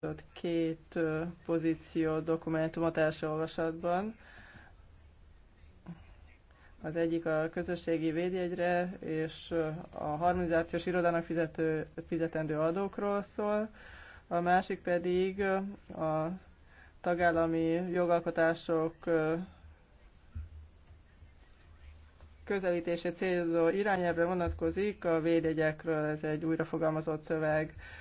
ott két pozíció dokumentumot első olvasatban. Az egyik a közösségi védjegyre és a harmonizációs irodának fizető, fizetendő adókról szól, a másik pedig a tagállami jogalkotások közelítése célzó irányelvre vonatkozik, a védjegyekről ez egy újrafogalmazott szöveg.